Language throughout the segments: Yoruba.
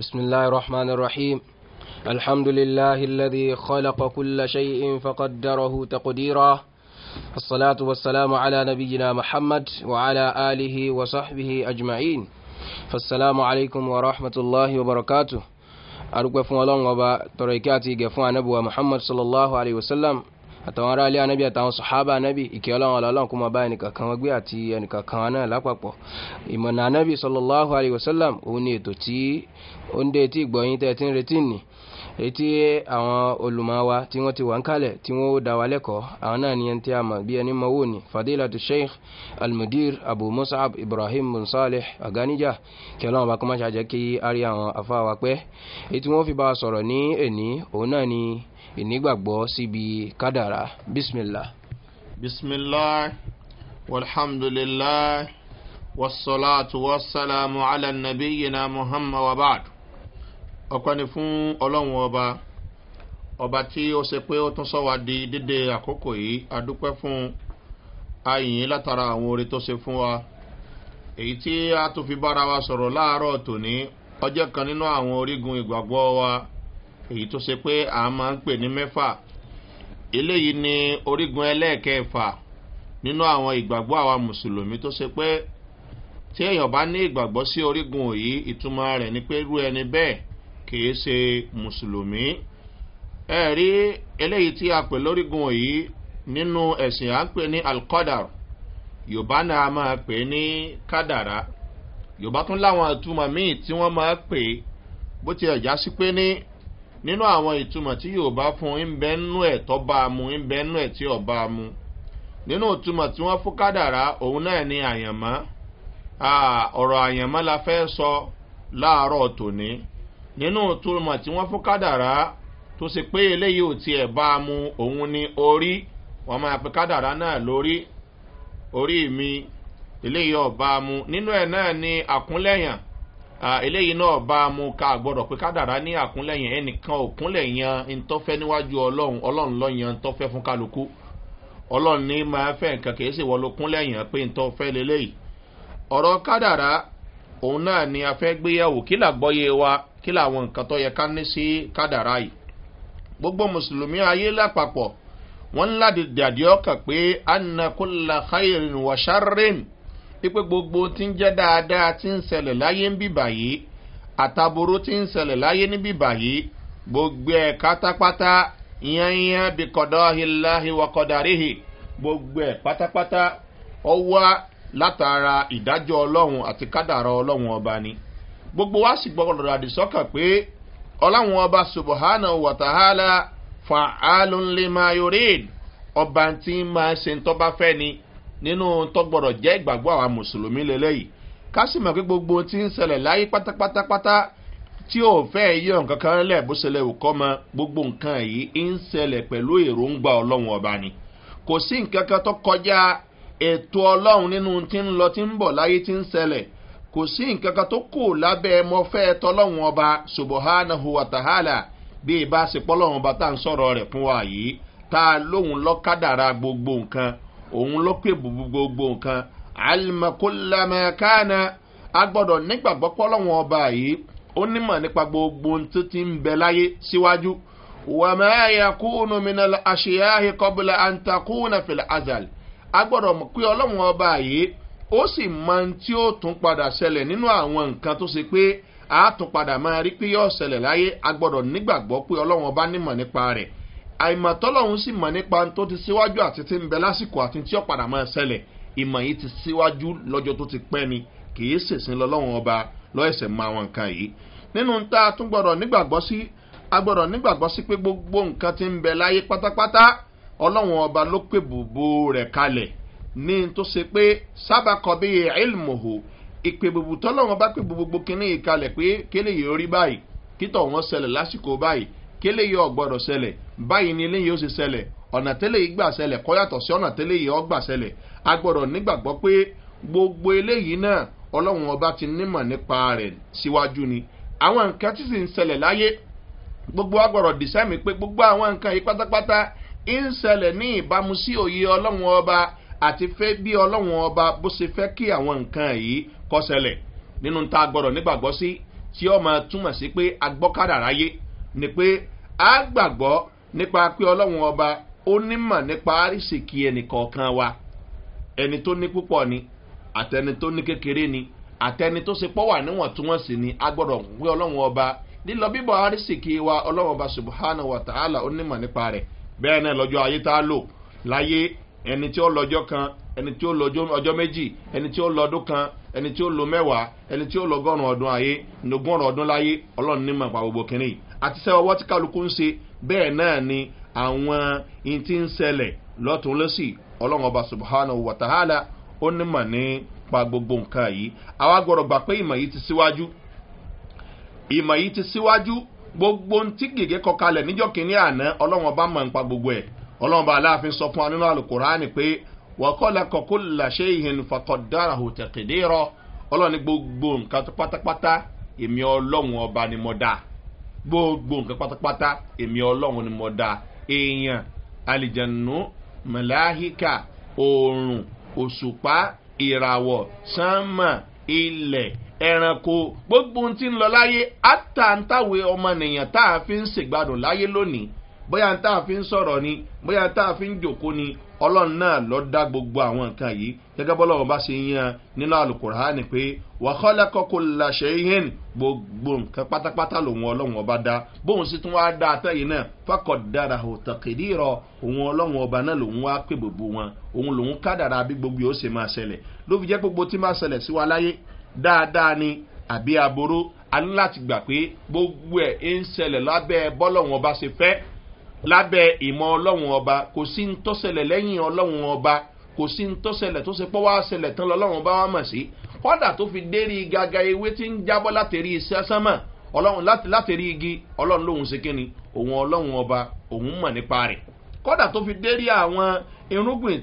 بسم الله الرحمن الرحيم الحمد لله الذي خلق كل شيء فقدره تقديرا الصلاة والسلام على نبينا محمد وعلى آله وصحبه أجمعين فالسلام عليكم ورحمة الله وبركاته أرقف الله وبركاته تركاتي جفوا نبوة محمد صلى الله عليه وسلم àtàwọn ará ilé anábì àtàwọn sọ̀hábà anábì ìkẹ́ ọlọ́run ọlọ́run kó máa bá ẹnìkankan wọn gbé àti ẹnìkankan wọn náà lápapọ̀ ìmọ̀nà anábì sọlọ́láhu alayhi wa òun ni ètò tí ó ń dé etí ìgbọ̀nyín tẹ́ ti ń retí nì etí àwọn olùmọ̀wá tí wọ́n ti wà ń kalẹ̀ tí wọ́n ó da wa lẹ́kọ̀ọ́ àwọn náà ni ẹni tí a mọ̀ bí ẹni mọ̀ wò ní fadilatu sheikh almudir abu musab ibrahim musaleh aganija kí ọlọ́run bá kọ́ máa ṣàjẹ́ kí a rí àwọn afáwa pẹ́ etí wọ́n fi bá a sọ̀rọ̀ ní èní òun náà ni ìnígbàgbọ́ síbi kádàrá bismillah. bismillah walhamdulillah wasalaatu wasalaamu ala nabiyina muhammad wa baadu ọpẹ́ ni fún ọlọ́run ọba ọba tí ó ṣe pé ó tún sọ́wọ́ di dédé àkókò yìí adúpẹ́ fún ayìn látara àwọn orin tó ṣe fún wa èyí tí a tún fi bára wa sọ̀rọ̀ láàárọ̀ tòní ọjọ́ kan nínú àwọn orígun ìgbàgbọ́ wa èyí tó ṣe pé a máa ń pè ní mẹ́fà eléyìí ni orígun ẹlẹ́ẹ̀kẹfà nínú àwọn ìgbàgbọ́ àwa mùsùlùmí tó ṣe pé tí èèyàn bá ní ìgbàgbọ́ sí orígun òyí ìtumọ̀ rẹ̀ ni pé irú ẹni bẹ́ẹ̀ kìí ṣe mùsùlùmí ẹ̀rí eléyìí tí a pè lórígun òyí nínú ẹ̀sìn à ń pè ní alkọ́dàr yorùbá náà máa pè ní kádàrá yorùbá tún láwọn ìtumọ̀ míì tí wọ́n máa pè bó ti ẹ̀já sí pé ní nínú àwọn ìtumọ̀ tí yorùbá fún ń bẹ́ nú ẹ̀ tọ́ bá a mu ń bẹ́ nú ẹ̀ tí ọ̀ bá a mu nínú ìtumọ̀ tí wọ́n fún kádàrá òun náà ni àyànmọ́ ọ̀rọ̀ àyànmọ́ la fẹ́ sọ láàárọ̀ tòní nínú túmọ̀ tí wọ́n fún kádàrá tó ṣe pé eléyìí ò tiẹ̀ bá a mu òun ni orí wọ́n máa pe kádàrá náà lórí orí mi eléyìí ọba mu nínú ẹ̀ náà ni àkúnlẹ̀yàn eléyìí náà ọba mu ká gbọ́dọ̀ pé kádàrá ní àkúnlẹ̀yàn ẹnìkan òkúnlẹ̀ yan ntọ́fẹ́ níwájú ọlọ́run ọlọ́run lọ́ yan ntọ́fẹ́ fún kálukú ọlọ́run ní máa fẹ́ nǹkan kìí sì wọ́n kúnlẹ̀yàn pé ntọ́fẹ́ lélẹ́yìí ọ̀rọ̀ kádàrá òun náà ni a fẹ́ gbéyàwó kí làgbọ́yé wa kí làwọn nǹkan tó yẹ ká ní sí kádàrá yìí gbogbo mùsùlùmí ayé lápapọ̀ wọ́n ńlá dàdí ọkàn pé anakunla khairin wa sharrin pípé gbogbo tí ń jẹ́ dáadáa tí ń ṣẹlẹ̀ láyé ń bìbà yìí àtàbòrò tí ń ṣẹlẹ̀ láyé ní bìbà yìí gbogbo ẹ̀ pátápátá yanyan bí kọ̀dọ̀ hilahi wa kọ̀dàríhì gbogbo ẹ̀ pátápátá ọwọ́ látara ìdájọ́ ọlọ́run àti kádàrá ọlọ́run ọba ni. gbogbo wa sì gbọ́dọ̀ àdìsọ́kàn pé ọláwọn ọba subahana wàtàhálà fa alunlemayorid ọba tí ń máa ṣe ń tọ́ba fẹ́ ni nínú tó gbọ́dọ̀ jẹ́ ìgbàgbọ́ àwa mùsùlùmí lélẹ́yìí ká sì mọ̀ pé gbogbo tí ń ṣẹlẹ̀ láyé pátápátápátá tí ò fẹ́ yọ nǹkan kan lẹ̀ bó ṣẹlẹ̀ òkọ́ mọ gbogbo nǹkan yìí ń ṣẹlẹ̀ pẹ̀lú èròǹgbà ọlọ́run ọba ni kò sí nǹkan kan tó kọjá ètò ọlọ́run nínú tí ń lọ tí ń bọ̀ láyé tí ń ṣẹlẹ̀ kò sí nǹkan kan tó kù lábẹ́ mọ́ tọ́lọ́hún ọba subahánahu bí ibà sì pọ́lọ́hún ọba tá ń sọ̀rọ̀ rẹ̀ fún wa yìí tá a lóhun lọ́kàdàrà gbogbo nǹkan òun ló pè gbogbo nǹkan alimakulamekana a gbọ́dọ̀ nígbàgbọ́ pọ́lọ́hún ọba yìí ó nímọ̀ gbogbo tó ti ń bẹ láyé síwájú kúnnù kọ́bùlà fìlà a gbọ́dọ̀ pé ọba yìí ó sì mọ tí ó tún padà ṣẹlẹ̀ nínú àwọn nǹkan tó ṣe pé àátún padà máa rí pé yóò ṣẹlẹ̀ láyé a gbọ́dọ̀ nígbàgbọ́ pé ọlọ́run ọba nímọ̀ nípa rẹ̀ àìmọ̀tọ́lọ́run sì mọ̀ nípa tó ti síwájú àti ti ń bẹ lásìkò àti tí ó padà máa ṣẹlẹ̀ ìmọ̀ yìí ti síwájú lọ́jọ́ tó ti pẹ́ ni kì í ṣèṣin lọ́lọ́run ọba lọ́ẹ̀sẹ̀ mọ àwọn nǹkan yìí nínú tá a tún gbọ́dọ̀ nígbàgbọ́ sí a nígbàgbọ́ sí pé gbogbo nǹkan ti ń bẹ láyé pátápátá ọlọ́run ọba ló pè bòbó rẹ̀ kalẹ̀ ní tó ṣe pé sábàkọ bí ilmuhu ìpè gbogbo tọ́lọ́wọ́n bá pè gbogbo kínní ìkalẹ̀ pé kélé yìí orí báyìí kítọ̀ ṣẹlẹ̀ lásìkò báyìí kélé yìí ọ̀gbọ́dọ̀ ṣẹlẹ̀ báyìí ni eléyìí ó ṣe ṣẹlẹ̀ ọ̀nà tẹ́lẹ̀ yìí gbà ṣẹlẹ̀ kọ́ yàtọ̀ sí ọ̀nà tẹ́lẹ̀ yìí ọgbà ṣẹlẹ̀ a gbọ́dọ̀ nígbàgbọ́ pé gbogbo eléyìí náà ọlọ́run ọba ti nímọ̀ nípa rẹ̀ síwájú ni àwọn nǹkan sì láyé gbogbo agbọ̀rọ̀ dìsẹ́mi pé gbogbo àwọn nǹkan yìí pátápátá ń ṣẹlẹ̀ ní àti fẹ́ bí ọlọ́wọ́n ọba bó ṣe fẹ́ kí àwọn nǹkan yìí kọ́sẹ̀lẹ̀ nínú ta gbọ́dọ̀ nígbàgbọ́ sí tí ọmọ túmọ̀ sí pé agbọ́kadà ráyé ni pé a gbàgbọ́ nípa pé ọlọ́wọ́n ọba ó nímọ̀ nípa àrísìkí ẹnìkọ̀ọ̀kan wa ẹni tó ní púpọ̀ ni àtẹni tó ní kékeré ni àtẹni tó ṣe pọ́wà níwọ̀ntúnwọ̀nsì ni a gbọ́dọ̀ pé ọlọ́wọ́n ọba lílọ bíbọ̀ àrísìkí wa ọlọ́wọ́n ọba subhanahu wa ta'ala ó nímọ̀ nípa rẹ̀ bẹ́ẹ̀ náà lọ́jọ́ ayé tá a lò láyé ẹni tí ó lọ́jọ́ kan ẹni tí ó lọ́jọ́ ọjọ́ méjì ẹni tí ó lọ́dún kan ẹni tí ó lo mẹ́wàá ẹni tí ó lọ́gọ́rùn ọdún ayé lọ́gọ́rùn ọdún láyé ọlọ́run ní mọ̀ pa gbogbo kínní yìí àti sẹ́wọ́ ọwọ́ tí kálukú ń ṣe bẹ́ẹ̀ náà ni àwọn in ti ń ṣẹlẹ̀ lọ́tún lọ́sì ọlọ́run ọba subhanahu wa ta'ala ó ní mọ̀ ní pa gbogbo nǹkan yìí àwa gbọ́dọ̀ gbà pé ìmọ̀ yìí ti síwájú ìmọ̀ yìí ti síwájú gbogbo ohun gègé kọkalẹ̀ níjọ́ kínní àná ọlọ́run ọba mọ̀ nípa gbogbo ẹ̀ ọlọ́run bá aláàfin sọ fún wa nínú alukurani pé wọ́kọ́lá kọ̀kọ́ làṣẹ ìhìn fàkọ̀dára hò tẹ̀kẹ̀dẹ́rọ ọlọ́run ní gbogbo nǹkan pátápátá èmi ọlọ́run ọba ni mo dá gbogbo nǹkan pátápátá èmi ọlọ́run ni mo dá èèyàn alìjẹ̀nù mẹ̀láhíkà òòrùn òṣùpá ìràwọ̀ sánmà ilẹ̀ ẹranko gbogbo ohun tí ń lọ láyé àtàntàwé ọmọnìyàn tá a fi ń ṣègbádùn láyé lónìí bóyá tá a fi ń sọ̀rọ̀ ni bóyá tá a fi ń jòkó ni ọlọ́run náà lọ dá gbogbo àwọn nǹkan yìí gẹ́gẹ́ bọ́lá wọn bá ṣe yan nínú alukóraánì pé wàhálà kọ́kọ́ làṣẹ ihin gbogbo nǹkan pátápátá lòun ọlọ́run ọba dá bóun sì tún wá dá àtẹ̀yìn náà fakọ̀ dára òtàkìdí rọ òun ọlọ́run ọba náà lòun wá pè gbogbo wọn òun lòun kádàrà bí gbogbo yóò ṣe máa ṣẹlẹ̀ ló fi jẹ́ gbogbo tí máa ṣẹlẹ̀ sí wa láyé dáadáa ni àbí aburú a ní láti gbà pé gbogbo ẹ̀ ń ṣẹlẹ̀ lábẹ́ bọ́lọ́run ọba ṣe fẹ́ lábẹ́ ìmọ̀ ọlọ́run ọba kò sí ń tọ́sẹ̀lẹ̀ lẹ́yìn ọlọ́run ọba kò sí ń tọ́sẹ̀lẹ̀ tó ṣe pọ́ wá ṣẹlẹ̀ tán lọ́lọ́run ọba wá mọ̀ sí kọ́dà tó fi dérí gàgà ewé tí ń jábọ́ látẹ̀rí sẹ́sánmọ̀ ọlọ́run látẹ̀rí igi ọlọ́run lòun ṣe kíni òun ọlọ́run ọba òun mọ̀ nípa rẹ̀ kọ́dà tó fi dérí àwọn irúgbìn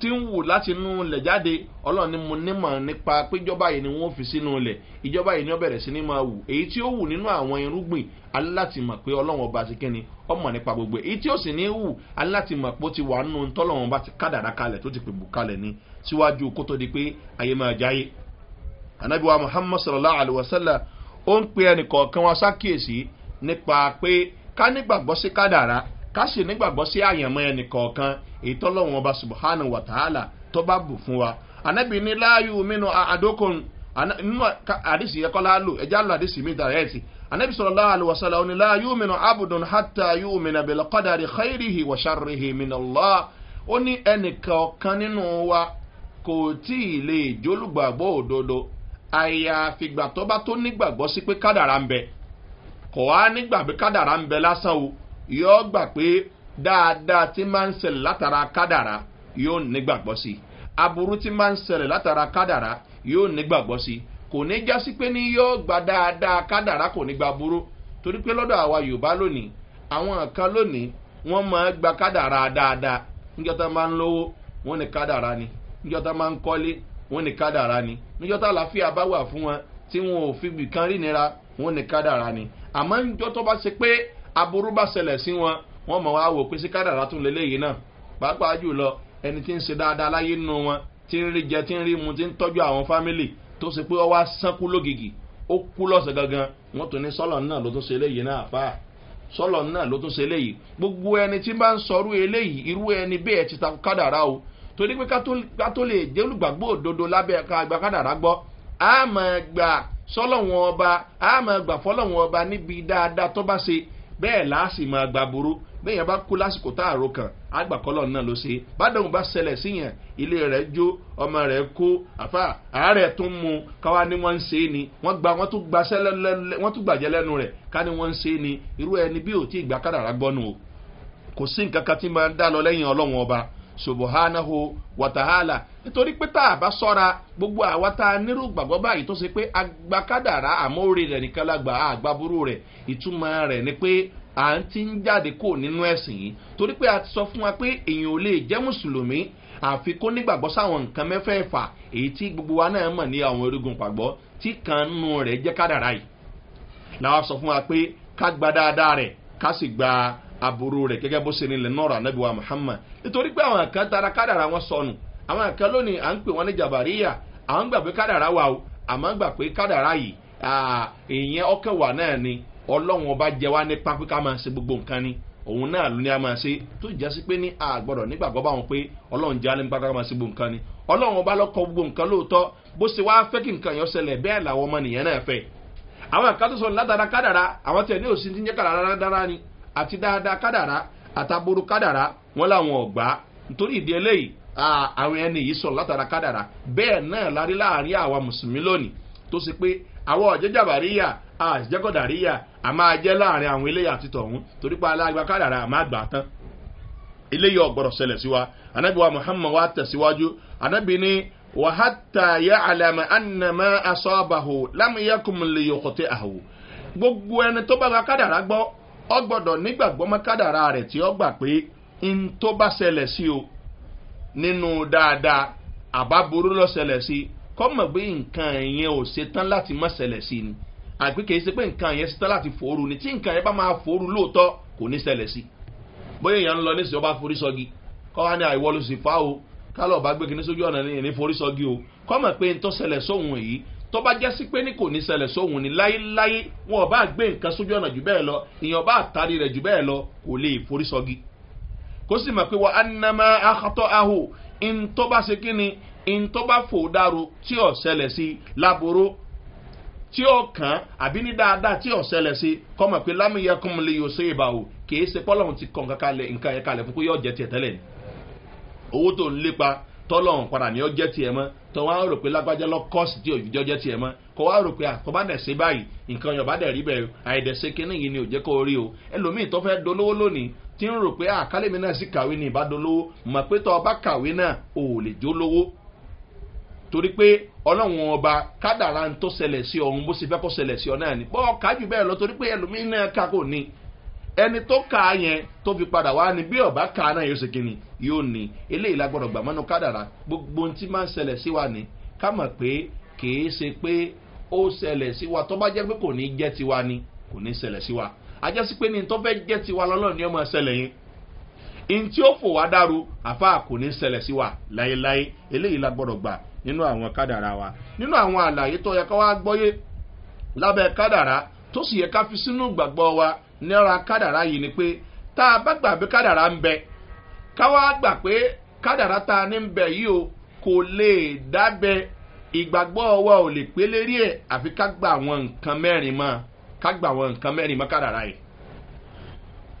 tí ń wù láti inú ilẹ̀ jáde ọlọ́run ni mo nímọ̀ nípa péjọba yìí ni wọ́n fi sínú ilẹ̀ ìjọba yìí ni ó bẹ̀rẹ̀ sí ni máa wù èyí tí ó wù nínú àwọn irúgbìn aláti mọ̀ pé ọlọ́run ọba ti kíni ọmọ nípa gbogbo èyí tí ó sì ní wù aláti pé ó ti wà nínú tọ́lọ́run bá ti kádàrá kalẹ̀ tó ti pè bù kalẹ̀ ni síwájú kó tó di pé ayé máa jáyé anabiwa muhammad sallallahu alaihi wa sallam ó ń pe ẹnìkọ̀ọ̀kan wa sákìyèsí nípa pé ká nígbàgbọ́ sí kádàrá ká nígbàgbọ́ sí àyànmọ́ ẹnìkọ̀ọ̀kan èyí ọba subhana wa tó bá bù fún wa anabi ní láàyò mínú àdókòun nínú àdìsí ẹ̀kọ́ láàlò ẹ̀já lọ àdìsí mi dàrẹ́ ẹ̀sì anabi sọ̀rọ̀ láàlò wasala oní láàyò mínú abudun hata yóò mínú abẹ́lẹ̀ kọ́dàrí xayirihi wa sharrihi mínú lọ́ ó ní ẹnìkọ̀ọ̀kan nínú wa kò tí ì lè jólùgbàgbọ́ òdodo àyàfìgbà tó bá tó nígbàgbọ́ sí pé kádàrá ń bẹ kò wá nígbàgbé kádàrá ń bẹ lásán o yóò gbà pé dáadáa tí máa ń ṣẹlẹ̀ látara kádàrá yóò nígbàgbọ́ sí i aburú tí máa ń ṣẹlẹ̀ látara kádàrá yóò nígbàgbọ́ sí i kò ní já sí pé ní yóò gba dáadáa kádàrá kò ní gba burú torí pé lọ́dọ̀ àwa yorùbá lónìí àwọn kan lónìí wọ́n máa gba kádàrá dáadáa níjọ́ máa ń lówó wọ́n ní kádàrá ni níjọ́ tá máa ń kọ́lé wọ́n ní kádàrá ni níjọ́ tá àlàáfíà bá wà fún wọn tí wọn ò fi bìkan rí nira wọ́n ní kádàrá ni àmọ́ níjọ́ tó bá ṣe pé aburú bá ṣẹlẹ̀ sí wọn wọ́n mọ̀ wá wò pé sí kádàrá tún lélẹ́yìí náà pàápàá jùlọ ẹni tí ń ṣe dáadáa láyé nínú wọn tí ń rí jẹ tí ń rí mu tí ń tọ́jú àwọn fámìlì tó ṣe pé ọ wá sánkú lógìgì ó kú lọ́sẹ̀ gangan wọ́n tún ní sọ́lọ̀ náà ló tún ṣe eléyìí náà fà á sọ́lọ̀ náà ló tún ṣe eléyìí gbogbo ẹni tí bá ń sọrú eléyìí irú ẹni bẹ́ẹ̀ ti ta kádàrá o torí pé ká lè jẹ́ olùgbàgbọ́ òdodo lábẹ́ ká kádàrá gbọ́ á gbà sọ́lọ̀ wọn ọba á gbà fọ́lọ̀ wọn ọba níbi dáadáa tó bá ṣe bẹ́ẹ̀ láàsì ma gbaburu burú bẹ́ẹ̀ yẹn bá kú lásìkò tá àrò kan àgbàkọ́lọ̀ náà ló ṣe bádọ́hùn bá ṣẹlẹ̀ sí yẹn ilé rẹ̀ jó ọmọ rẹ̀ kó àárẹ̀ mu káwa ni wọ́n ń ṣe é ni wọ́n gba wọ́n tún gbaṣẹ́ wọ́n tún gbàjẹ́ lẹ́nu ni wọ́n ń ṣe é ni irú ẹni bí ò tí ì gbà kádàrá gbọ́nu o kò sí nǹkan kan tí máa ń dá lọ lẹ́yìn ọlọ́run nítorí pé tá a bá sọ́ra gbogbo àwa tá a nírú gbàgbọ́ báyìí tó ṣe pé agbákádàrá àmóore rẹ̀ nìkan lágbà àgbàburú rẹ̀ ìtumọ̀ rẹ̀ ni pé à ń ti ń jáde kó nínú ẹ̀sìn yìí torí pé a ti sọ fún wa pé èèyàn ò lè jẹ́ mùsùlùmí àfi nígbàgbọ́ sáwọn nǹkan mẹ́fẹ̀ẹ̀fà èyí tí gbogbo wa náà mọ̀ ní àwọn orígun pàgbọ́ tí kan nù rẹ̀ jẹ́ kádàrá yìí làwọn sọ fún wa pé ká gba dáadáa rẹ̀ ká sì gba aburú rẹ̀ gẹ́gẹ́ bó ṣe nílẹ̀ nọ́ọ̀rọ̀ anábìwá muhammad nítorí pé àwọn kan tara kádàrá wọn sọnù àwọn kan lónìí à ń pè wọn ní jabariya à ń gbà pé kádàrá wà o àmọ́ gbà pé kádàrá yìí ìyẹn ọkàn wà náà ni ọlọ́run ọba jẹ wá nípa pé ká máa ṣe gbogbo nǹkan ni òun náà ló ní a máa ṣe tó jẹ́ sí pé ní àgbọ̀dọ̀ nígbàgbọ́ bá pé ọlọ́run jẹ́ gbogbo nǹkan ni ọlọ́run ọba lọ́kọ gbogbo nǹkan lóòótọ́ bó ṣe wáá fẹ́ kí nǹkan yẹn ṣẹlẹ̀ bẹ́ẹ̀ làwọn ọmọ nìyẹn náà fẹ́ àwọn ti àwọn ẹni yìí sọ̀rọ̀ látara kádàrà bẹ́ẹ̀ náà larí láàrin àwa mùsùlùmí lónìí tó ṣe pé àwọn ọ̀jẹ́jàbàríyà àjẹkọ̀dàríyà a máa jẹ́ láàrin àwọn eléyà àti tọ̀hún torí pa alágbá kádàrà àmà àgbà tán eléyà ọ̀gbọ̀rọ̀ ṣẹlẹ̀ sí wa anábì wa muhammad wa tẹ̀síwájú anábì ni wàhátà yà àlàmà ànàmà aṣọ àbàhò lámìyàkùn lè yọkọ̀tẹ̀ àhò gbogbo ẹni tó bá gba kádàrà gbọ́ ọ nígbàgbọ́ mọ́ kádàrà rẹ̀ tí ọ pé n tó bá ṣẹlẹ̀ sí o nínú dáadáa àbáboró lọ́sẹ̀lẹ̀ sí kọ́mọ̀ pé nǹkan yẹn ò ṣetán láti mọ̀ ṣẹlẹ̀ sí ni àgbẹ̀ kìí ṣe pé nǹkan yẹn ṣetán láti fòoru ni tí nǹkan yẹn bá máa fòoru lóòótọ́ kò ní ṣẹlẹ̀ sí bóyá èèyàn ń lọ nísìsiyọ́ bá forí sọ́gi kọ́ wá ní àìwọ́ ló sì fá o kálọ̀ bá gbé kí ní sójú ọ̀nà ní ìní forí sọ́gi o kọ́mọ̀ pé ń tọ́ ṣẹlẹ̀ sóhun èyí tó bá jẹ́ sí pé ní kò ní ṣẹlẹ̀ sóhun ni láéláé wọn ò bá gbé nǹkan sójú ọ̀nà jù bẹ́ẹ̀ lọ ìyàn bá àtàrí rẹ̀ jù bẹ́ẹ̀ lọ kò lè forí sọ́gi kó sì mọ̀ pé wọ́n anamá akọ́tọ́ ahò ntọ́ ṣe kí ni ntọ́ bá fò dàrú tí ò ṣẹlẹ̀ sí laboro tí ò kàn àbí ní dáadáa tí ò ṣẹlẹ̀ sí kọ́mọ̀ pé lámìyẹ kọ́mọ lè yọ sí ìbà o kì í ṣe pọ́lọ́hún ti kọ̀ nǹkan yẹn kalẹ̀ fún pé yóò jẹ tiẹ̀ tẹ́lẹ̀ owó tó ń lépa tọ́lọ́hún padà ní ọjẹ́ tiẹ̀ mọ́ tó wá rò pé lágbájá lọ kọ́ọ̀sì tí òjijì ọjẹ́ tiẹ̀ mọ́ kó wá rò pé àkọ́bá dẹ̀ sí báyìí nǹkan yọ̀bá dẹ̀ rí bẹ́ẹ̀ àìdẹ̀sẹ̀ kínní yìí ni òjẹ́ kó rí o ẹlòmíì tó fẹ́ dolówó lónìí tí ń rò pé àkálẹ̀mí náà sì kàwé ní ìbádolówó mọ̀ pé tó ọba kàwé náà ò lè jó lówó torí pé ọlọ́run ọba kádàrá ń tó ṣẹlẹ̀ sí ọ̀hún bó ṣe fẹ́ kó ṣẹlẹ̀ sí ọ náà ni bọ́ọ̀ kájú bẹ́ẹ̀ lọ torí pé ẹlòmíì náà ká kò ẹni tó kà á yẹn tó fi padà wá ni bí ọba kà á náà yóò ṣe kí ni yóò ní eléyìí lágbọ́dọ̀ gbà mọ́nú kádàrá gbogbo ohun tí máa ń ṣẹlẹ̀ sí wa ni ká mọ̀ pé kìí ṣe pé ó ṣẹlẹ̀ sí wa tó bá jẹ́ pé kò ní jẹ́ tiwa ni kò ní ṣẹlẹ̀ sí wa ajá sí pé ní tó fẹ́ jẹ́ tiwa lọ́lọ́ ni ó máa ṣẹlẹ̀ yẹn in tí ó fò wá dáru àfa kò ní ṣẹlẹ̀ sí wa láéláé eléyìí lágbọ́dọ̀ gbà nínú àwọn kádàrá wa nínú àwọn àlàyé tó yẹ ká wá gbọ́yé lábẹ́ kádàrá tó sì yẹ ká fi sínú gbàgbọ́ wa níra kádàrá yìí ni pé tá a bá gbà pé kádàrá ń bẹ káwá gbà pé kádàrá tá a ní ń bẹ yìí o kò lè dábẹ ìgbàgbọ́ wa ò lè pé lérí ẹ̀ àfi ká gba àwọn nǹkan mẹ́rin mọ́ ká gba àwọn nǹkan mẹ́rin mọ́ kádàrá yìí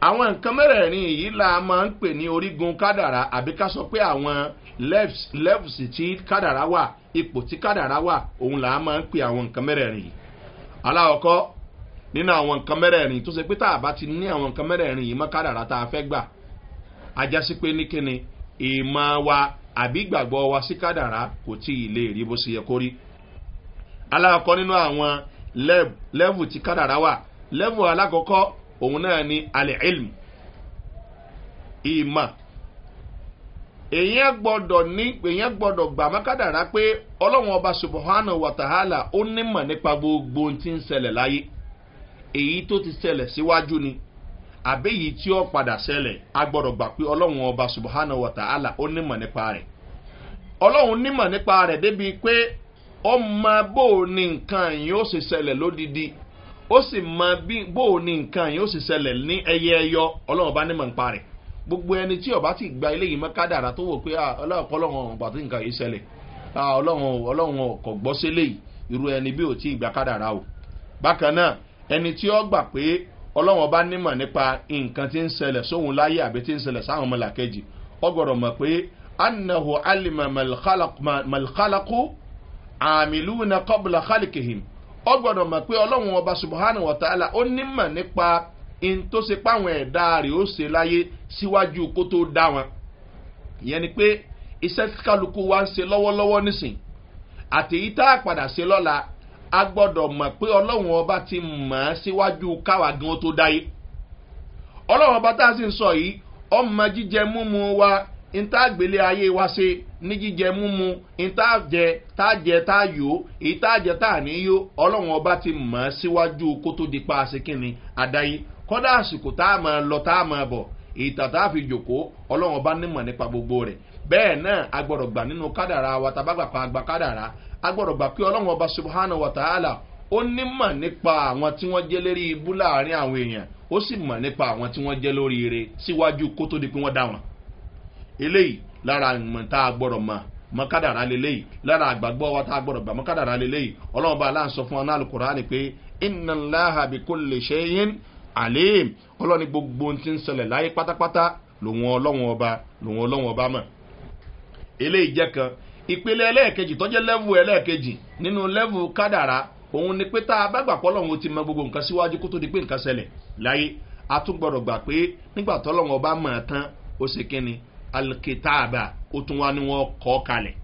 àwọn nǹkan mẹ́rẹ̀ẹ̀rin yìí la máa ń pè ní orígun kádàrá àbí ká sọ pé àwọn levels tí kádàrá wà ipò tí kádàrá wà òun là á máa ń pè àwọn nǹkan mẹ́rẹ̀ẹ̀rin yìí aláwọ̀kọ́ nínú àwọn nǹkan mẹ́rẹ̀ẹ̀rin tó ṣe pé tá a bá ti ní àwọn nǹkan mẹ́rẹ̀ẹ̀rin yìí mọ́kàdàrà tá a fẹ́ gbà ajásí pé ní kíni ìmọ̀ wa àbí ìgbàgbọ́ wa sí kádàrá kò tí ì lè rí bó ṣe yẹ kó rí. alákọ̀ọ́ nínú àwọn lẹ́vù tí kádàrá wà lẹ́vù alákọ̀ọ́kọ́ òun náà ni alẹ́ ilm ìmọ̀ èyàn gbọdọ̀ ní èyàn gbọdọ̀ gbà mọ́kàdàrá pé ọlọ́run ọba subuhana wàtàhálà ó nímọ̀ nípa gbogbo ohun tí ń ṣẹlẹ̀ láyé èyí tó ti ṣẹlẹ̀ síwájú ni àbí èyí tí ó padà ṣẹlẹ̀ a gbọ́dọ̀ gbà pé ọlọ́run ọba subahana wa ta'ala ó nímọ̀ nípa rẹ̀ ọlọ́run nímọ̀ nípa rẹ̀ débi pé ó mọ bó o ní nǹkan yìí ó sì ṣẹlẹ̀ lódìdí ó sì mọ bó o ní nǹkan yìí ó sì ṣẹlẹ̀ ní ẹyẹ ẹyọ ọlọ́run ọba nímọ̀ nípa rẹ̀ gbogbo ẹni tí ọba ti gba eléyìí mọ́ kádàrà tó wò pé ah, ọlọ́ọ̀kọ́lọ́run ọba tó nǹkan yìí ṣẹlẹ̀ ah, ọlọ́run ọkọ̀ gbọ́sẹ́lẹ̀ ẹni tí ó gbà pé ọlọ́wọ́n bá nímọ̀ nípa nǹkan tí ń ṣẹlẹ̀ sóhun láyé àbí tí ń ṣẹlẹ̀ sáwọn ọmọlàkejì ó gbọ́dọ̀ mọ̀ pé annahu alima malkhalaku amiluna qabla khalikihim ó gbọ́dọ̀ mọ̀ pé ọlọ́wọ́n ọba subahana wataala ó nímọ̀ nípa in tó ṣe páwọn ẹ̀dá rẹ̀ ó ṣe láyé síwájú kó tó dá wọn ìyẹn ni pé iṣẹ́ kálukú wa ń ṣe lọ́wọ́lọ́wọ́ nísìn àtẹ̀yí padà ṣe lọ́la a gbọ́dọ̀ mọ̀ pé ọlọ́run ọba ti mọ̀ ọ́ síwájú káwa gan tó dáyé ọlọ́run ọba tá a sì ń sọ yìí ọmọ jíjẹ múmu wa níta gbélé ayé wa ṣe ní jíjẹ múmu níta jẹ tá jẹ ọba ti mọ̀ ọ́ síwájú kó di pa àṣekínni àdáyé kọ́dà àsìkò tá a lọ tá a bọ̀ agbọ́dọ̀ gbà pé ọlọ́run ọba subhanahu wa ta'ala ó ní mọ̀ nípa àwọn tí wọ́n jẹ́ lérí ibú láàrin àwọn èèyàn ó sì mọ̀ nípa àwọn tí wọ́n jẹ́ lórí ire síwájú kó tó di pé wọ́n dá wọn. eléyìí lára ìmọ̀ tá a gbọ́dọ̀ mọ̀ mọ́kádàrá lélẹ́yìí lára àgbàgbọ́ wa tá a gbọ́dọ̀ gbà mọ́kádàrá lélẹ́yìí ọlọ́run bá aláǹsọ fún ọ́nà alukóra ni pé iná láha bí kò lè ṣe yín àlẹ́ ọlọ́ni gbogbo ti ń sẹlẹ̀ láyé pátápátá lòun ọlọ́run ọba lòun ọlọ́run ọba mọ̀ eléyìí jẹ́ kan ìpele ẹlẹ́ẹ̀kejì tó jẹ́ lẹ́vù ẹlẹ́ẹ̀kejì nínú lẹ́vù kádàrá òun ni pé tá a bá gbà pọ́ lọ́wọ́ ti mọ gbogbo nǹkan síwájú kó tó di pé nǹkan ṣẹlẹ̀ láyé a tún gbọ́dọ̀ gbà pé nígbà tọ́lọ́wọ́ bá mọ̀ tán ó ṣe kínni alikitaaba ó tún wá ní wọn kọ́ kalẹ̀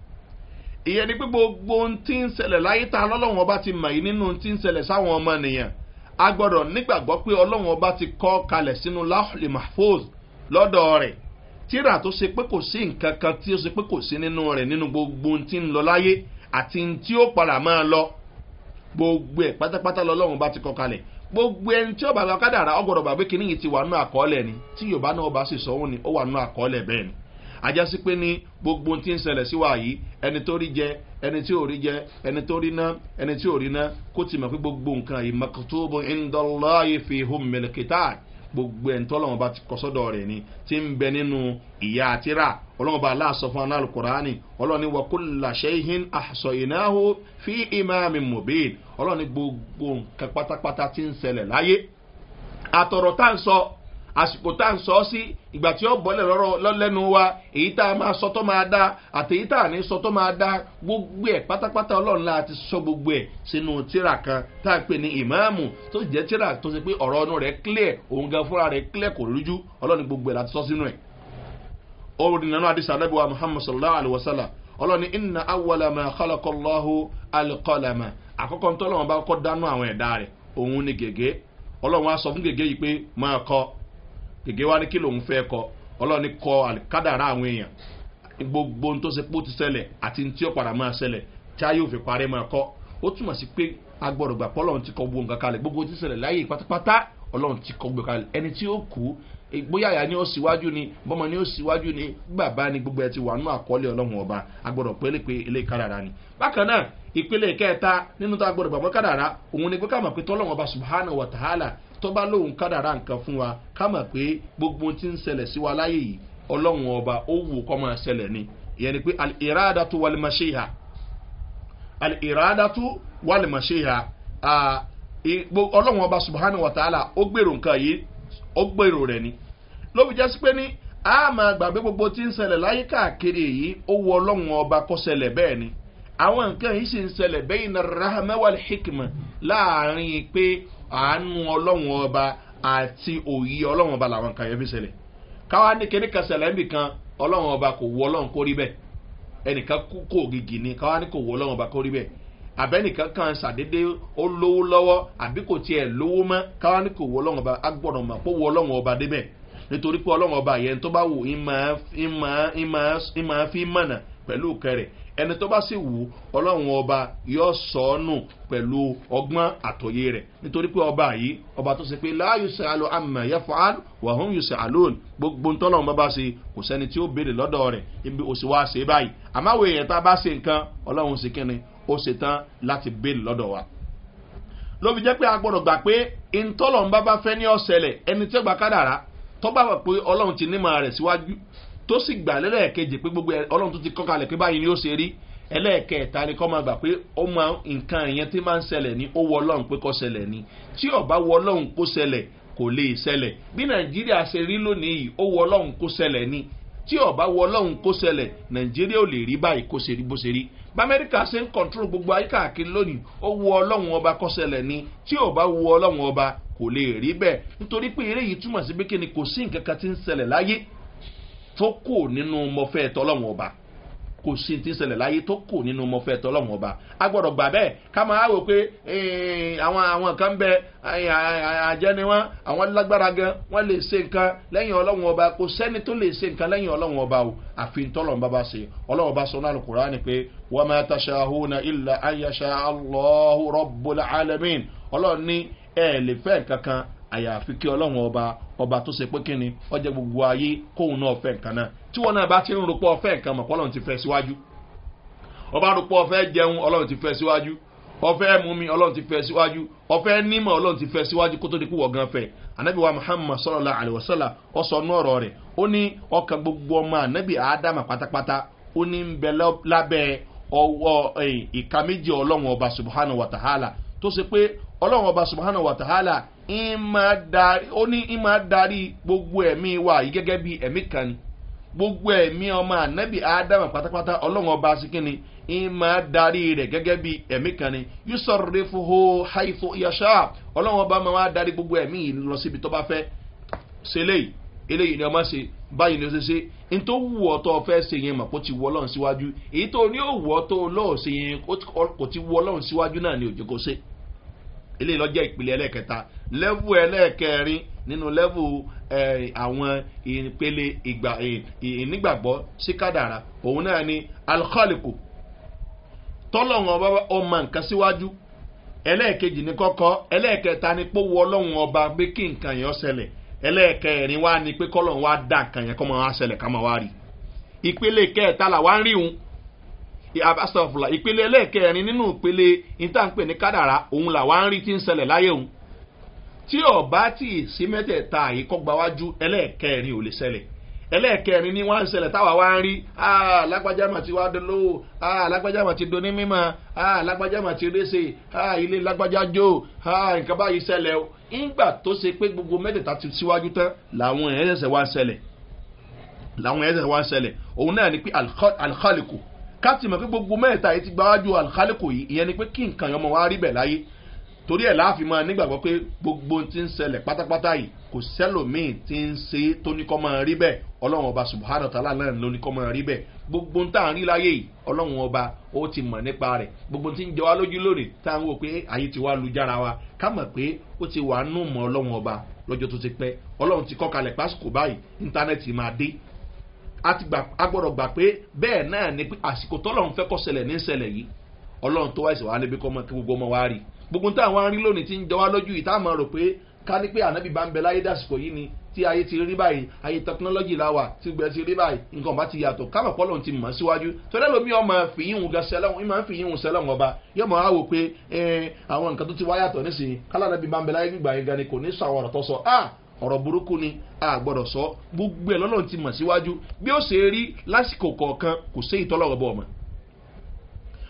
ìyẹn ni pé gbogbo ohun tí ń ṣẹlẹ̀ láyé tá lọ́lọ́wọ́ bá ti mọ̀ yìí nínú ohun tí ń ṣẹlẹ̀ sáwọn ọmọ nìyẹn a gbọ́dọ̀ nígbàgbọ́ pé ọlọ́wọ́ bá ti kọ́ kalẹ̀ sínú láhùlì lọ́dọ̀ rẹ̀ tíra tó ṣe pé kò sí nǹkan kan tí ó ṣe pé kò sí nínú rẹ̀ nínú gbogbo ohun tí ń lọ láyé àti ohun tí ó padà máa lọ gbogbo ẹ̀ pátápátá lọ́lọ́run bá ti kọ kalẹ̀ gbogbo ẹni tí ọba lọ kádàrá ọgọdọ̀ bàbá kìíní yìí ti wà nù àkọọ́lẹ̀ ni tí yorùbá náà ọba ni ó gbogbo ohun tí ń ṣẹlẹ̀ sí wa yìí ẹni tó rí jẹ ẹni tí ò gbogbo nǹkan yìí gbogbo ẹ̀ ń tọ́ ti kọ́ sọ́dọ̀ rẹ̀ ni ti ń bẹ nínú ìyá àtìrà ọlọ́wọ́n bá aláàsọ fún anáàlú kùránì ọlọ́ni wà làṣẹ ihin àṣọ ìnáwó fi ìmáàmì mobil ọlọ́ni gbogbo nǹkan pátápátá ti ń ṣẹlẹ̀ láyé àtọ̀rọ̀ tá à ń sọ àsìkò tá à ń sọ ọ́ sí ìgbà tí ó bọ́lẹ̀ lọ́lẹ́nu wa èyí tá a máa sọ tó máa dá àtèyí tá à ní sọ tó máa dá gbogbo ẹ̀ pátápátá ọlọ́run la ti sọ gbogbo ẹ̀ sínú tíra kan tá a pè ní ìmáàmù tó jẹ́ tíra tó ṣe pé ọ̀rọ̀ ọ̀nà rẹ̀ clear òun gan fúnra rẹ̀ clear kò rújú ọlọ́run gbogbo ẹ̀ la ti sọ sínú ẹ̀. orin nínú adisa alábíwá muhammad sallallahu alayhi wa sallam ọlọ́ni inna awalama khalakọ́láhu alikọ́lama àkọ́kọ́ ntọ́lọ́wọ́n bá kọ́ dánú àwọn ẹ̀dá rẹ̀ òun ni gègé ọlọ́run á sọ fún gègé yìí pé máa kọ́ gègé wa ní kí lòun fẹ́ kọ ọlọ́ni kọ àkádàrá àwọn èèyàn gbogbo ohun tó ṣe pé ó ti ṣẹlẹ̀ àti ní tí ó padà máa ṣẹlẹ̀ tí ayé òfin parí máa kọ́ ó túmọ̀ sí pé gbà ti kọ gbogbo nǹkan kalẹ̀ gbogbo ti ṣẹlẹ̀ láyé pátápátá ọlọ́run ti kọ gbogbo kalẹ̀ ẹni tí ó kú e, bóyá ni gbogbo ẹ ti wà nú ọba pé ilé bákan náà ìpele kẹta nínú tó tó bá lóun kádàrá nǹkan fún wa ká mọ̀ pé gbogbo tí ń ṣẹlẹ̀ sí wa láyé yìí ọlọ́run ọba ó wù kọ́ máa ṣẹlẹ̀ ni ìyẹn ni pé al-iradatu wal-mashiha al-iradatu wal-mashiha ọlọ́run ọba subhanahu wa ta'ala ó gbèrò nǹkan yìí ó gbèrò rẹ̀ ni ló fi jẹ́ sí pé ní a máa gbàgbé gbogbo tí ń ṣẹlẹ̀ láyé káàkiri yìí ó wù ọlọ́run ọba kọ́ ṣẹlẹ̀ bẹ́ẹ̀ ni àwọn nǹkan yìí sì ń ṣẹlẹ̀ bẹ́ẹ̀ ni rahama hikma láàrin pé àánú ọlọ́run ọba àti òye ọlọ́run ọba làwọn nǹkan yẹn fi ṣẹlẹ̀ káwa ní kíní kan ṣẹlẹ̀ níbì kan ọlọ́run ọba kò wọ ọlọ́run kó rí bẹ́ẹ̀ ẹnìkan kú kò gègé ni káwa ní kò wọ ọlọ́run ọba kó rí bẹ́ẹ̀ àbẹ́nìkan kan ṣàdédé ó lówó lọ́wọ́ àbí kò tiẹ̀ lówó mọ́ káwa ní kò wọ ọlọ́run ọba agbọ́dọ̀ mọ̀ pé wọ ọlọ́run ọba ẹni tó bá sì wù ọlọ́run ọba yóò sọ ọ́ nù pẹ̀lú ọgbọ́n àtòyé rẹ̀ nítorí pé ọba yìí ọba tó ṣe pé láàyò ṣe àlọ́ àmì ẹ̀yẹ́fọ́ àlù wàhún yóò ṣe àlóòn gbogbo ń tọ́lọ́run bá bá ṣe kò sẹ́ni tí ó béèrè lọ́dọ̀ rẹ̀ ibi òsì wa ṣe báyìí àmọ́ àwọn èèyàn tá a bá ṣe nǹkan ọlọ́run ṣe kíni ó ṣe tán láti béèrè lọ́dọ̀ wa ló fi jẹ́ pé a gbọ́dọ̀ gbà pé ìntọ́lọ́run bá bá fẹ́ ní ọ̀sẹ̀lẹ̀ ẹni tí ó gbà kádàrá tó bá wà pé ọlọ́run ti nímọ̀ rẹ̀ síwájú tó sì gbà lẹ́lẹ́ẹ̀kejì pé gbogbo ọlọ́run tó ti kọ́ kalẹ̀ pé báyìí ni ó ṣe rí ẹlẹ́ẹ̀kẹta ni kọ́ máa gbà pé ó máa nǹkan ìyẹn tí máa ń ṣẹlẹ̀ ní ó wọ ọlọ́run pé kọ́ ṣẹlẹ̀ ni tí ọba wọ ọlọ́run kó ṣẹlẹ̀ kò lè ṣẹlẹ̀ bí nàìjíríà ṣe rí lónìí yìí ó wọ ọlọ́run kó ṣẹlẹ̀ ni tí ọba wọ ọlọ́run kó ṣẹlẹ̀ nàìjíríà ò lè rí báyìí kó ṣe rí bó ṣe rí bamẹ́ríkà ṣe ń kọ̀ntrol gbogbo ayé káàkiri lónìí ó wọ ọlọ́run ọba kọ́ ṣẹlẹ̀ ni tí ọba wọ ọlọ́run ọba kò lè rí bẹ́ẹ̀ nítorí pé eré yìí túmọ̀ sí pé kí ni kò sí nǹkan kan ti ń ṣẹlẹ̀ láyé tó kù nínú mọ̀fẹ́ tọ́lọ́wọ̀n ọba kò sí ti ṣẹlẹ̀ láyé tó kù nínú mọ̀fẹ́ tọ́lọ́wọ̀n ọba a gbọ́dọ̀ gbà bẹ́ẹ̀ ká máa wò pé eh, àwọn àwọn kan bẹ eh, àjẹ́ ni wọ́n àwọn lágbára gan wọ́n lè ṣe nǹkan lẹ́yìn ọlọ́wọ̀n ọba kò sẹ́ni tó lè ṣe nǹkan lẹ́yìn ọlọ́wọ̀n ọba o àfi tọ́lọ́wọ̀n bá bá ṣe ọlọ́wọ̀n ọba sọ náà lùkùrá ni pé wọ́n máa taṣà hóna ilà ayàṣà alọ́hùrọ̀bùlà àyàfi kí ọlọ́run ọba ọba tó ṣe pé kí ni ọjọ́ gbogbo ayé kóun náà fẹ́ nǹkan náà tí wọn náà bá ti ń ropọ́ ọ̀fẹ́ nǹkan mọ̀ kọ́lọ́run ti fẹ́ síwájú ọba ropọ́ ọ̀fẹ́ jẹun ọlọ́run ti fẹ́ síwájú ọ̀fẹ́ mumi ọlọ́run ti fẹ́ síwájú ọ̀fẹ́ nímọ̀ ọlọ́run ti fẹ́ síwájú kó tó di púpọ̀ gan fẹ́ anabi wa muhammad sọlọlá aliwasala ọsọ nú ọ̀rọ̀ rẹ̀ ó ní ọkàn gbogbo ọmọ anabi adama pátápátá ó ní ń bẹ lábẹ́ ọwọ́ eh, ìka méjì ọlọ́run ọba subhanahu wa ta'ala tó ṣe pé ọlọ́run ọba subahana wa ta'ala ó ní ìmọ̀ darí gbogbo ẹ̀mí wa yìí gẹ́gẹ́ bí ẹ̀mí kan ni gbogbo ẹ̀mí ọmọ ànábì ádámà pátápátá ọlọ́run ọba síkínni ìmọ̀ darí rẹ̀ gẹ́gẹ́ bí ẹ̀mí kan ni yusọ̀rọ̀ fòhó haifo yasha ọlọ́run ọba máa darí gbogbo ẹ̀mí yìí lọ síbi tó bá fẹ́ ṣe léyìí eléyìí ni ọmọ ṣe báyìí ni ó ṣe ṣe n tó wù ọ́ tó fẹ́ ṣe yẹn mà kó ti wọ ọlọ́run síwájú èyí tó ní òwò tó lọ́ọ̀ ṣe yẹn kó ti wọ ọlọ́run síwájú náà ni òjò ṣe eléyìí lọ́jọ́ ìpìlẹ̀ ẹlẹ́kẹta lẹ́vù ẹlẹ́kẹrin nínú lẹ́vù àwọn ìpele ìnígbàgbọ́ sí kádàrà òun náà ni alikọ́lìkù tọ́lọ́wọ́n bá ọmọ nǹkan síwájú ẹlẹ́ẹ̀kejì ní kọ́kọ́ ẹlẹ́ẹ̀kẹta ni pé wọ ọlọ́run ọba pé kí nǹkan yẹn ṣẹlẹ̀ ẹlẹ́ẹ̀kẹrin wá ni pé kọ́lọ́run wá dá nǹkan yẹn kọ́ máa wá ṣẹlẹ̀ ká máa wá rí ìpele kẹta là wá ń rí òun abasafula ìpele ẹlẹ́ẹ̀kẹrin nínú ìpele ìtànpè ní kádàrá òun làwa ń rí tí ń ṣẹlẹ̀ láyé òun tí ọba tí sí mẹ́tẹ̀ẹ̀ta àyíkọ́gbáwájú ẹlẹ́ẹ̀kẹrin ò lè ṣẹlẹ̀ ẹlẹ́ẹ̀kẹrin ni wọ́n ń ṣẹlẹ̀ táwa wá ń rí alágbájámà ti wá dolówó alágbájámà ti do ní mímọ́ alágbájámà ti rése ilé lágbájájó nǹkan báyìí ṣẹlẹ̀ o ńgbà tó ṣe pé gbogbo mẹ́tẹ̀ẹ̀ta ti síwájú tán làwọn ẹ̀ẹ́sẹ̀ wá ń ṣẹlẹ̀ òun náà ni pé alkhaliku káàtì mọ̀ pé gbogbo mẹ́ta yìí ti gbáwájú alikaliko yìí ìyẹn ni pé kí nǹkan yọmọ wa rí bẹ̀ láyé torí ẹ̀ láàfin máa nígbàgbọ́ pé gbogbo ti ń ṣẹlẹ̀ pátápátá yìí kò sẹ́lòmíì ti ń ṣe tó ní kọ́ máa rí bẹ́ẹ̀ ọlọ́run ọba subhanahu ta'ala náà ló ní kọ́ máa rí bẹ́ẹ̀ gbogbo tá à ń rí láyé yìí ọlọ́run ọba ó ti mọ̀ nípa rẹ̀ gbogbo ti ń jẹ wá lójú lónìí tá à ń wò pé ayé ti wá lu jára wa ká mọ̀ pé ó ti wà nù mọ́ ọlọ́run ọba lọ́jọ́ tó ti pẹ́ ọlọ́run ti kọ́ kalẹ̀ pásíkò báyìí íńtánẹ́ẹ̀tì máa dé a gbọ́dọ̀ gbà pé bẹ́ẹ̀ náà ni pé àsìkò tọ́lọ́run fẹ́ kọ́ sẹlẹ̀ ní sẹlẹ̀ yìí ọlọ́run tó wá ìṣẹ̀wá níbi kọ́ gbogbo ọmọ wa rí gbogbo tá àwọn arí lónìí ti ń jọ wá lójú yìí tá a máa rò pé ká ní pé ànábì bá ń bẹ láyé dàsìkò yìí ni tí ayé ti rí báyìí ayé tẹkinọ́lọ́jì la wà tí gbẹ ti rí báyìí nǹkan bá ti yàtọ̀ ká bàpọ̀ lòun ti mọ̀ síwájú tọ́lá lómi ọmọ fìyìnwó ga sẹlẹ̀wọ̀n ìmọ̀ fìyìnwó sẹlẹ̀wọ̀n ọba yóò mọ̀ á wò pé àwọn nǹkan tó ti wá yàtọ̀ nísìnyí kálá ànábì bá ń bẹ láyé gbígbà yẹn gan ni kò ní sọ àwọn ọ̀rọ̀ tó sọ ah! ọ̀rọ̀ burúkú ni a gbọ́dọ̀ sọ gbogbo ẹ̀ lọ́lọ́run ti mọ̀ síwájú bí ó ṣe rí lásìkò kọ̀ọ̀kan kò sí ìtọ́lọ́rọ̀ bọ̀ ọ̀mọ̀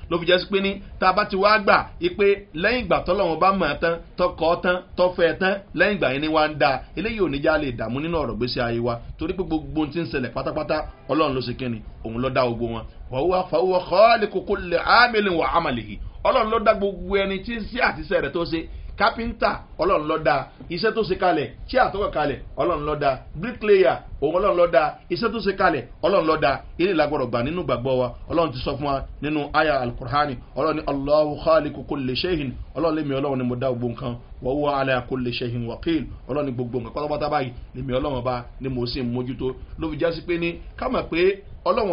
ló fi jẹ́ sí pé ní tá a bá ti wá gbà pé lẹ́yìn ìgbà tọ́lọ́run bá mọ̀ tán tọkọ tán tọfẹ́ tán lẹ́yìn ìgbà yẹn ni wá ń da eléyìí ò ní já lè dààmú nínú ọ̀rọ̀ gbèsè ayé wa torí pé gbogbo ohun ti ń ṣẹlẹ̀ pátápátá ọlọ́run ló ṣe kí ni òun ló dá gbogbo wọn wàhùwà fàhùwà kọ́ọ̀lì kòkó lè ámìlì wà ámàlì yìí ọlọ́run ló dá gbogbo ẹni tí ń sí àtisẹ́ rẹ̀ tó ṣe kápẹ́ńtà ọlọ́run lọ́dà iṣẹ́ tó ṣe kalẹ̀ tí àtọ́kọ̀ kalẹ̀ ọlọ́run bricklayer òun ọlọ́run lọ́dà iṣẹ́ tó ṣe kalẹ̀ ọlọ́run lọ́dà eré ìlàgbọ́dọ̀ gbà nínú gbàgbọ́ wa ọlọ́run ti sọ fún wa nínú aya alukur'ani ọlọ́run ni allahu khaliku kò lè ṣe é hin ọlọ́run lè mi ọlọ́run ni mo dá gbogbo nǹkan wọ́n wọ́n alẹ́ àkọlé ṣẹ́yìn wọ́kìl ọlọ́ni gbogbo nǹkan pátápátá báyìí lèmi ọba ni mo sì ń mójútó ló fi jásí pé ní ká pé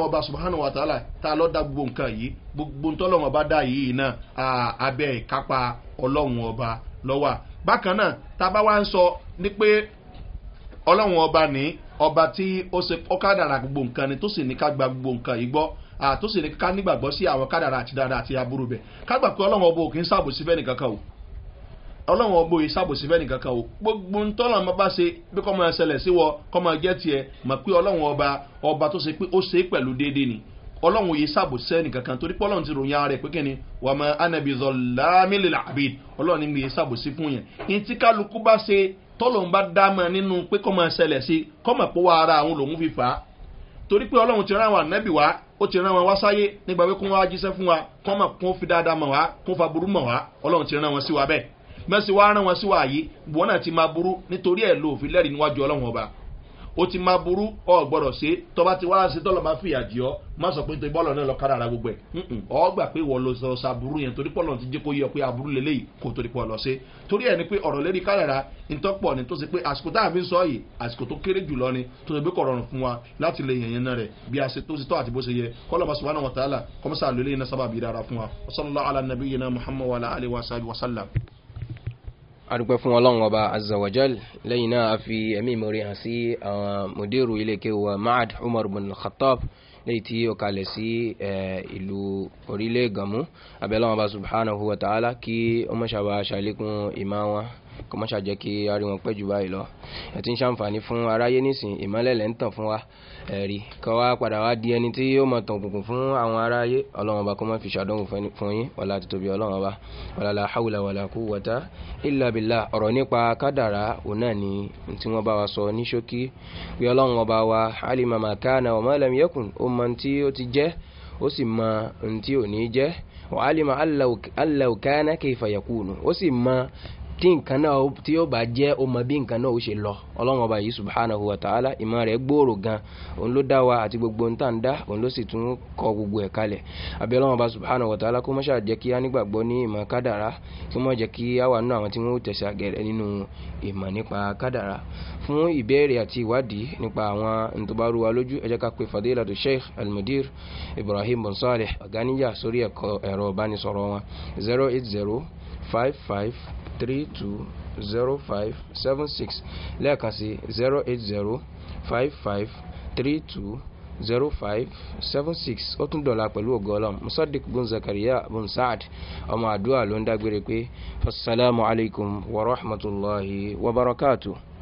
ọba subahana wa ta'ala ta lọ́ da gbogbo nǹkan yìí gbogbo ń tọ́lọ́run ọba dá yìí náà abẹ́ ìkápá ọlọ́run ọba lọ́wà bákan náà tá a bá wá ń sọ ní ọba ní tí ó ṣe gbogbo nǹkan ni tó sì ní gba gbogbo nǹkan yìí gbọ́ àtúnṣe ní ká nígbàgbọ́ sí àwọn kádàrà àti dáadáa àti ọlọ́run ọgbó ìsàbòsí fẹ́ nìkan kan o gbogbo ntọ́lọ̀ máa bá ṣe bí kọ́ máa ṣẹlẹ̀ sí wọ kọ́ máa jẹ́ tiẹ̀ mọ̀ pé ọlọ́run ọba ọba tó ṣe pé ó ṣe é pẹ̀lú déédéé ni ọlọ́run yìí sàbòsí fẹ́ nìkan kan torí pé ọlọ́run ti ròyìn ara ẹ̀ pé kí ni wà á máa anabi zọlámìlì abid ọlọ́run ni yìí sàbòsí fún yẹn ìtí kálukú bá ṣe tọ́lọ̀ ń bá dámọ̀ nínú pé kọ́ máa ṣẹlẹ̀ sí kọ́ máa pọ́wọ́ ara àwọn lòun fi fà á torí pé ọlọ́run ti rán ànábì wá ó ti rán wá sáyé nígbà pé kó wọn á jíṣẹ́ fún wa kó wọn máa kó fi dáadáa mọ̀ wá kó fa burú mọ̀ wá ọlọ́run ti rán sí wa bẹ́ẹ̀ mẹ́sì wá rán wọn sí wàyí wọn náà ti máa burú nítorí ẹ̀ lò òfin lẹ́rìí níwájú ọlọ́run ọba ó ti máa burú ọ gbọ́dọ̀ ṣe tọba ti wá ṣe tọ́lọ́ máa fìyà jì ọ́ má sọ pé nítorí bọ́ọ̀lù náà lọ kára ara gbogbo ẹ̀ ọ gbà pé wọ́n lọ sọ sàbúrú yẹn torí pọ́ọ̀lù ti jẹ́ kó yẹ pé aburú lélẹ́yìí kò torí pọ́ọ̀lù ṣe torí ẹ̀ ni pé ọ̀rọ̀ lérí kárara ìtọ́pọ̀ ni tó ṣe pé àsìkò tá a fi ń sọ yìí àsìkò tó kéré jù lọ ni tó ṣe pé kọ̀ rọrùn fún wa láti lè yẹ̀yẹ̀ náà rẹ̀ bí a ṣe tó ṣe tó àti bó ṣe yẹ kọ́lọ̀ bá subhanahu wa ta'ala kọ́mọ́sá lóléyìn náà sábà bí dára fún wa sallallahu ala wa ala wa adúpẹ́ fún ọlọ́run ọba azawajal lẹ́yìn náà a fi ẹ̀mí ìmọ̀re hàn sí àwọn mòdèrú iléeké wa maad umar bin khattab lẹ́yìn tí ó kalẹ̀ sí ìlú orílẹ̀ gàmú abẹ́lẹ́ wọn subhanahu wa ta'ala kí ọmọ ṣàbà ṣàlékún ìmọ̀ wọn kó mọ́ ṣàjẹ́ kí a rí wọn pẹ́ jù báyìí lọ ẹ ti ń ṣàǹfààní fún aráyé nísìn ìmọ́lẹ̀ lẹ́ ń tàn fún wa ẹ̀rí kọ́ wa padà wá di ẹni tí yóò mọ̀ tàn òkùnkùn fún àwọn aráyé ọlọ́run ọba kó mọ́ fi ṣàdánwò fún yín ọ̀la àti tóbi ọlọ́run ọba ọ̀la la hawla wàlà kú wọ́tá ilà bìlà ọ̀rọ̀ nípa kádàrá òun náà ni tí wọ́n bá wa sọ ní ṣókí pé ọlọ́run ọba wa tí nǹkan náà tí yóò bá jẹ́ ó mọ bí nǹkan náà ó ṣe lọ ọlọ́run ọba yìí subhanahu wa ta'ala ìmọ̀ rẹ̀ gbòòrò gan òun ló dá wa àti gbogbo ń dá òun ló sì tún kọ gbogbo ẹ̀ kalẹ̀ àbí ọlọ́run ọba subhanahu wa ta'ala kó mọ́ṣáà jẹ́ kí á nígbàgbọ́ ní ìmọ̀ kádàrá kí wọ́n jẹ́ kí á wà nínú àwọn tí wọ́n tẹ̀sẹ̀ àgẹ̀rẹ̀ nínú ìmọ̀ nípa kádàrá fún ìbéèrè àti ìwádìí nípa àwọn ntòbáruwa lójú ẹ jẹ́ ká pe fadilatu sheikh almudir ibrahim bonsaleh ọ̀gáníyà sórí ẹ̀rọ ìbánisọ̀rọ̀ wọn zero eight zero five five three two zero five seven six lẹ́ẹ̀kan sí zero eight zero five five three two zero five seven six ó tún dọ̀la pẹ̀lú ògo musadik bun zakariya bun saad ọmọ àdúrà ló ń dágbére pé fasalaamualeykum wa rahmatulahi wa barakatuh.